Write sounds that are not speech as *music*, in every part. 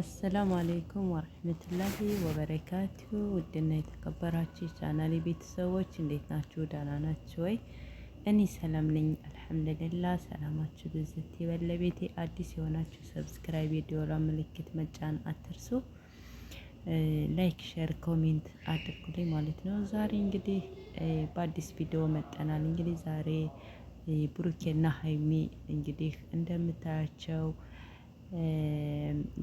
አሰላሙ አሌይኩም ወረህመቱላሂ ወበረካቱ። ውድና የተከበራችሁ የቻናሌ ቤተሰቦች እንዴት ናችሁ? ደህና ናችሁ ወይ? እኔ ሰላም ነኝ አልሐምዱሊላ። ሰላማችሁ ብዝት ይበል። ለቤቴ አዲስ የሆናችሁ ሰብስክራይብ፣ የደወል ምልክት መጫን አትርሱ። ላይክ፣ ሼር፣ ኮሜንት አድርጉልኝ ማለት ነው። ዛሬ እንግዲህ በአዲስ ቪዲዮ መጠናል። እንግዲህ ዛሬ ብሩኬና ሀይሚ እንግዲህ እንደምታያቸው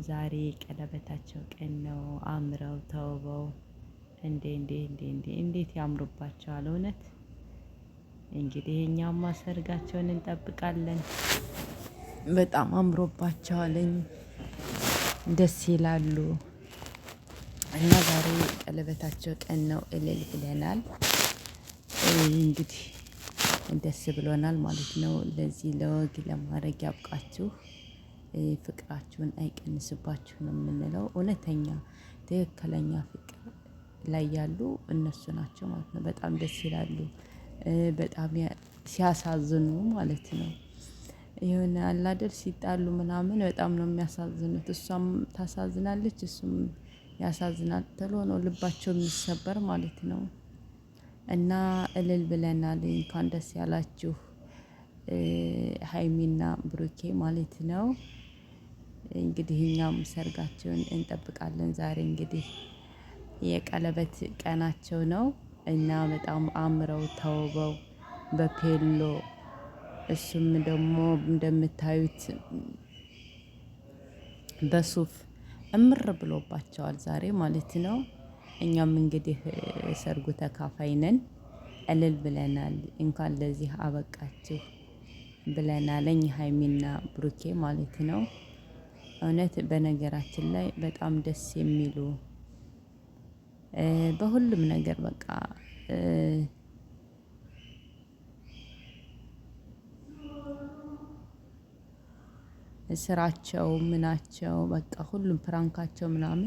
ዛሬ ቀለበታቸው ቀን ነው አምረው ተውበው እንዴ እንዴ እንዴ እንዴ እንዴት ያምሩባቸዋል እውነት። እንግዲህ እኛማ ሰርጋቸውን እንጠብቃለን። በጣም አምሮባቸዋለኝ ደስ ይላሉ። እና ዛሬ ቀለበታቸው ቀን ነው እልል ብለናል። እንግዲህ ደስ ብሎናል ማለት ነው። ለዚህ ለወግ ለማድረግ ያብቃችሁ። ፍቅራችሁን አይቀንስባችሁ ነው የምንለው። እውነተኛ ትክክለኛ ፍቅር ላይ ያሉ እነሱ ናቸው ማለት ነው። በጣም ደስ ይላሉ። በጣም ሲያሳዝኑ ማለት ነው። የሆነ አላደር ሲጣሉ ምናምን በጣም ነው የሚያሳዝኑት እሷም ታሳዝናለች እሱም ያሳዝናል ተሎ ነው ልባቸው የሚሰበር ማለት ነው። እና እልል ብለናል እንኳን ደስ ያላችሁ ሀይሚና ብሩኬ ማለት ነው። እንግዲህ እኛም ሰርጋቸውን እንጠብቃለን። ዛሬ እንግዲህ የቀለበት ቀናቸው ነው እና በጣም አምረው ተውበው በፔሎ እሱም ደግሞ እንደምታዩት በሱፍ እምር ብሎባቸዋል ዛሬ ማለት ነው። እኛም እንግዲህ ሰርጉ ተካፋይ ነን። እልል ብለናል። እንኳን ለዚህ አበቃችሁ ብለናለኝ ሀይሚና ብሩኬ ማለት ነው። እውነት በነገራችን ላይ በጣም ደስ የሚሉ በሁሉም ነገር በቃ ስራቸው ምናቸው በቃ ሁሉም ፕራንካቸው ምናምን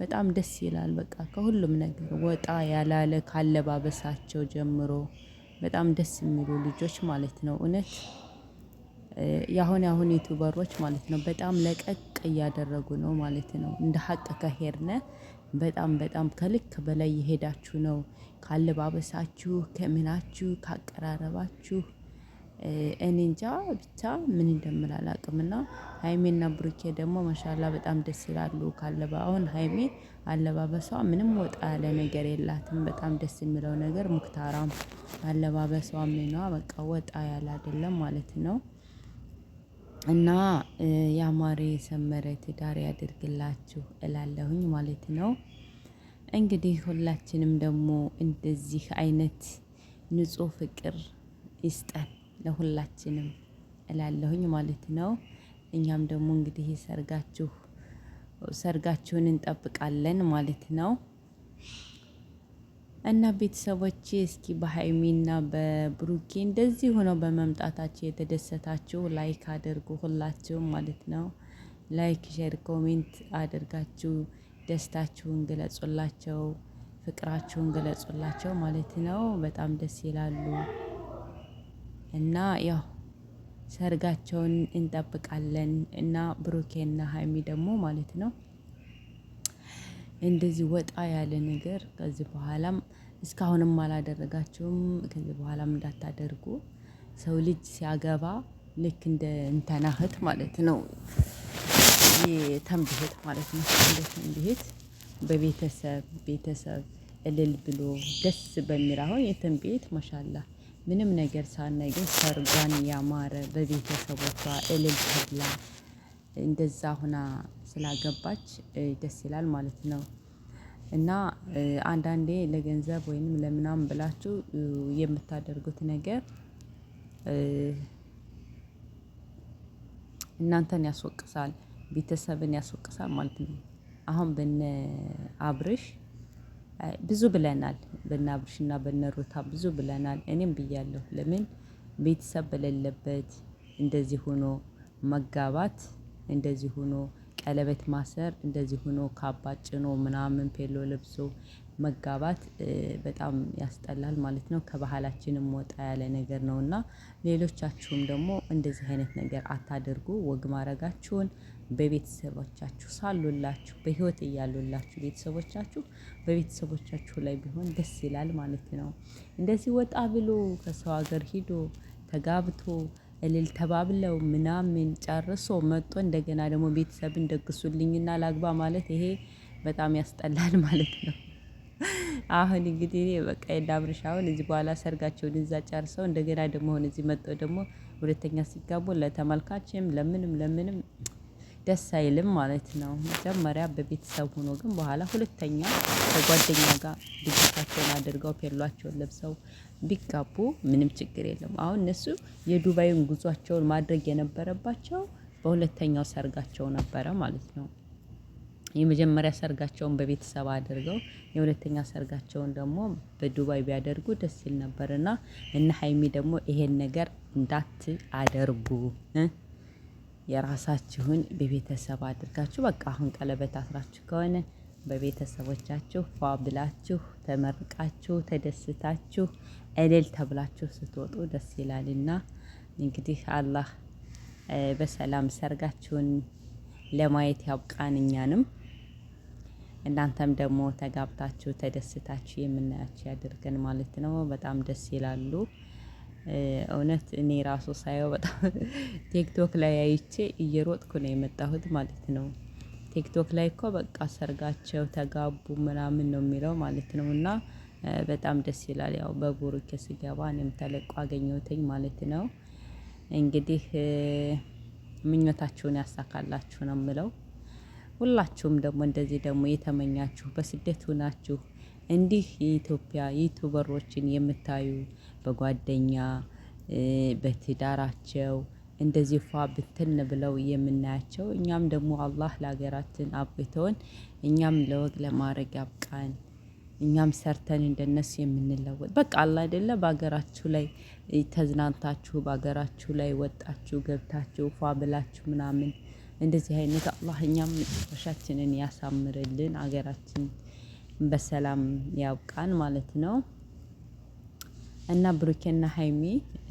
በጣም ደስ ይላል። በቃ ከሁሉም ነገር ወጣ ያላለ ካለባበሳቸው ጀምሮ በጣም ደስ የሚሉ ልጆች ማለት ነው እውነት የአሁን አሁን ዩቱበሮች ማለት ነው በጣም ለቀቅ እያደረጉ ነው ማለት ነው። እንደ ሀቅ ከሄድነ በጣም በጣም ከልክ በላይ እየሄዳችሁ ነው ካለባበሳችሁ ከምናችሁ ካቀራረባችሁ እኔ እንጃ ብቻ ምን እንደምል አላውቅምና ሀይሜና ብሩኬ ደግሞ ማሻላ በጣም ደስ ይላሉ። ካለባ አሁን ሀይሜ አለባበሷ ምንም ወጣ ያለ ነገር የላትም። በጣም ደስ የሚለው ነገር ሙክታራም አለባበሷ ምኗ በቃ ወጣ ያለ አይደለም ማለት ነው እና ያማረ የሰመረ ትዳር ያድርግላችሁ እላለሁኝ ማለት ነው። እንግዲህ ሁላችንም ደግሞ እንደዚህ አይነት ንጹህ ፍቅር ይስጠን ለሁላችንም እላለሁኝ ማለት ነው። እኛም ደግሞ እንግዲህ ሰርጋችሁ ሰርጋችሁን እንጠብቃለን ማለት ነው። እና ቤተሰቦቼ እስኪ በሀይሚና በብሩኬ እንደዚህ ሆነው በመምጣታቸው የተደሰታችሁ ላይክ አድርጉ፣ ሁላችሁም ማለት ነው። ላይክ፣ ሼር፣ ኮሜንት አድርጋችሁ ደስታችሁን ገለጹላቸው፣ ፍቅራችሁን ገለጹላቸው ማለት ነው። በጣም ደስ ይላሉ እና ያው ሰርጋቸውን እንጠብቃለን እና ብሩኬና ሀይሚ ደግሞ ማለት ነው እንደዚህ ወጣ ያለ ነገር ከዚህ በኋላም እስካሁንም አላደረጋችሁም ከዚህ በኋላም እንዳታደርጉ። ሰው ልጅ ሲያገባ ልክ እንደ እንተናህት ማለት ነው የተንብሄት ማለት ነው እንደ ተንብሄት በቤተሰብ ቤተሰብ እልል ብሎ ደስ በሚል አሁን የተንብሄት ማሻላ ምንም ነገር ሳናገኝ ሰርጓን ያማረ በቤተሰቦቿ እልል ተብላ እንደዛ ሁና ስላገባች ደስ ይላል ማለት ነው። እና አንዳንዴ ለገንዘብ ወይንም ለምናምን ብላችሁ የምታደርጉት ነገር እናንተን ያስወቅሳል ቤተሰብን ያስወቅሳል ማለት ነው። አሁን በነ አብርሽ ብዙ ብለናል በነ እና በነ ሩታ ብዙ ብለናል እኔም ብያለሁ ለምን ቤተሰብ በሌለበት እንደዚህ ሆኖ መጋባት እንደዚህ ሆኖ ቀለበት ማሰር እንደዚህ ሆኖ ካባ ጭኖ ምናምን ፔሎ ለብሶ መጋባት በጣም ያስጠላል ማለት ነው። ከባህላችንም ወጣ ያለ ነገር ነው። እና ሌሎቻችሁም ደግሞ እንደዚህ አይነት ነገር አታድርጉ ወግ ማድረጋችሁን በቤተሰቦቻችሁ ሳሉላችሁ በህይወት እያሉላችሁ ቤተሰቦቻችሁ በቤተሰቦቻችሁ ላይ ቢሆን ደስ ይላል ማለት ነው። እንደዚህ ወጣ ብሎ ከሰው ሀገር ሂዶ ተጋብቶ እልል ተባብለው ምናምን ጨርሶ መጥቶ እንደገና ደግሞ ቤተሰብን ደግሱልኝና ላግባ ማለት ይሄ በጣም ያስጠላል *laughs* ማለት ነው። አሁን እንግዲህ እኔ በቃ የነ አሁን እዚህ በኋላ ሰርጋቸውን እዛ ጨርሰው እንደገና ደግሞ አሁን እዚህ መጥተው ደግሞ ሁለተኛ ሲጋቡ ለተመልካችም ለምንም ለምንም ደስ አይልም ማለት ነው። መጀመሪያ በቤተሰብ ሆኖ ግን በኋላ ሁለተኛ ከጓደኛ ጋር ድግታቸውን አድርገው ፔሏቸውን ለብሰው ቢጋቡ ምንም ችግር የለም። አሁን እነሱ የዱባይን ጉዟቸውን ማድረግ የነበረባቸው በሁለተኛው ሰርጋቸው ነበረ ማለት ነው። የመጀመሪያ ሰርጋቸውን በቤተሰብ አድርገው የሁለተኛ ሰርጋቸውን ደግሞ በዱባይ ቢያደርጉ ደስ ይል ነበር። እና እነ ሀይሚ ደግሞ ይሄን ነገር እንዳት አደርጉ የራሳችሁን በቤተሰብ አድርጋችሁ በቃ አሁን ቀለበት አስራችሁ ከሆነ በቤተሰቦቻችሁ ፏ ብላችሁ ተመርቃችሁ ተደስታችሁ እልል ተብላችሁ ስትወጡ ደስ ይላልና እንግዲህ አላህ በሰላም ሰርጋችሁን ለማየት ያብቃን እኛንም እናንተም ደግሞ ተጋብታችሁ ተደስታችሁ የምናያችሁ ያድርገን ማለት ነው። በጣም ደስ ይላሉ። እውነት እኔ ራሱ ሳየው በጣም *laughs* ቲክቶክ ላይ አይቼ እየሮጥኩ ነው የመጣሁት ማለት ነው። ቲክቶክ ላይ እኮ በቃ ሰርጋቸው ተጋቡ ምናምን ነው የሚለው ማለት ነው። እና በጣም ደስ ይላል ያው በቡሩክ ስገባ እኔም ተለቆ አገኘሁትኝ ማለት ነው። እንግዲህ ምኞታችሁን ያሳካላችሁ ነው የምለው። ሁላችሁም ደግሞ እንደዚህ ደግሞ የተመኛችሁ በስደት ሁናችሁ እንዲህ የኢትዮጵያ ዩቱበሮችን የምታዩ በጓደኛ በትዳራቸው እንደዚህ ፏ ብትን ብለው የምናያቸው እኛም ደግሞ አላህ ለሀገራችን አብቅተውን እኛም ለወግ ለማድረግ ያብቃን። እኛም ሰርተን እንደነሱ የምንለወጥ በቃ አላ አይደለ በሀገራችሁ ላይ ተዝናንታችሁ በሀገራችሁ ላይ ወጣችሁ ገብታችሁ ፏ ብላችሁ ምናምን እንደዚህ አይነት አላህ እኛም መጨረሻችንን ያሳምርልን፣ ሀገራችን በሰላም ያብቃን ማለት ነው። እና ብሩኬና ሀይሚ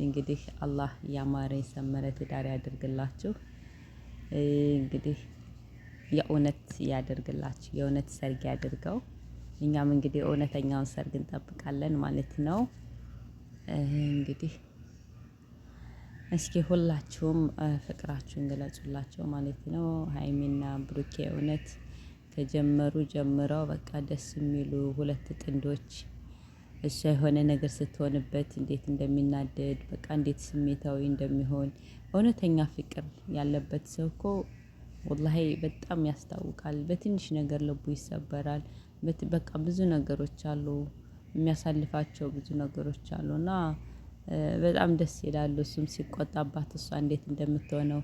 እንግዲህ አላህ ያማረ የሰመረ ትዳር ያደርግላችሁ። እንግዲህ የእውነት ያደርግላችሁ፣ የእውነት ሰርግ ያድርገው። እኛም እንግዲህ እውነተኛውን ሰርግ እንጠብቃለን ማለት ነው። እንግዲህ እስኪ ሁላችሁም ፍቅራችሁን ገለጹላቸው ማለት ነው። ሀይሚና ብሩኬ እውነት ከጀመሩ ጀምረው በቃ ደስ የሚሉ ሁለት ጥንዶች እሷ የሆነ ነገር ስትሆንበት እንዴት እንደሚናደድ በቃ እንዴት ስሜታዊ እንደሚሆን እውነተኛ ፍቅር ያለበት ሰው እኮ ወላሂ በጣም ያስታውቃል። በትንሽ ነገር ልቡ ይሰበራል። በቃ ብዙ ነገሮች አሉ የሚያሳልፋቸው ብዙ ነገሮች አሉ እና በጣም ደስ ይላሉ። እሱም ሲቆጣባት እሷ እንዴት እንደምትሆነው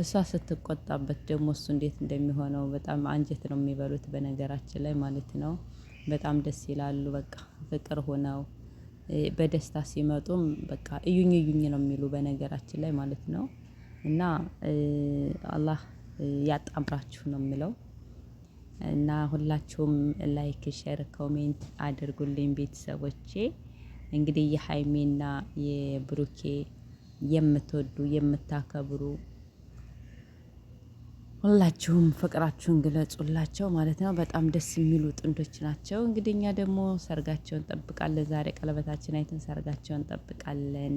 እሷ ስትቆጣበት ደግሞ እሱ እንዴት እንደሚሆነው በጣም አንጀት ነው የሚበሉት በነገራችን ላይ ማለት ነው። በጣም ደስ ይላሉ። በቃ ፍቅር ሆነው በደስታ ሲመጡም በቃ እዩኝ እዩኝ ነው የሚሉ በነገራችን ላይ ማለት ነው። እና አላህ ያጣምራችሁ ነው የሚለው። እና ሁላችሁም ላይክ፣ ሼር፣ ኮሜንት አድርጉልኝ ቤተሰቦቼ። እንግዲህ የሀይሜና የብሩኬ የምትወዱ የምታከብሩ ሁላችሁም ፍቅራችሁን ግለጹላቸው ማለት ነው። በጣም ደስ የሚሉ ጥንዶች ናቸው። እንግዲህ እኛ ደግሞ ሰርጋቸውን እንጠብቃለን። ዛሬ ቀለበታችን አይተን ሰርጋቸውን እንጠብቃለን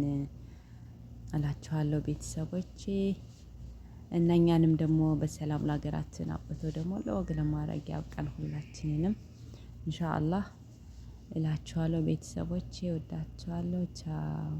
እላችኋለሁ ቤተሰቦች እና እኛንም ደግሞ በሰላም ለሀገራችን አብቶ ደግሞ ለወግ ለማድረግ ያብቃን ሁላችንንም አላህ እላችኋለሁ ቤተሰቦች ወዳችኋለሁ። ቻው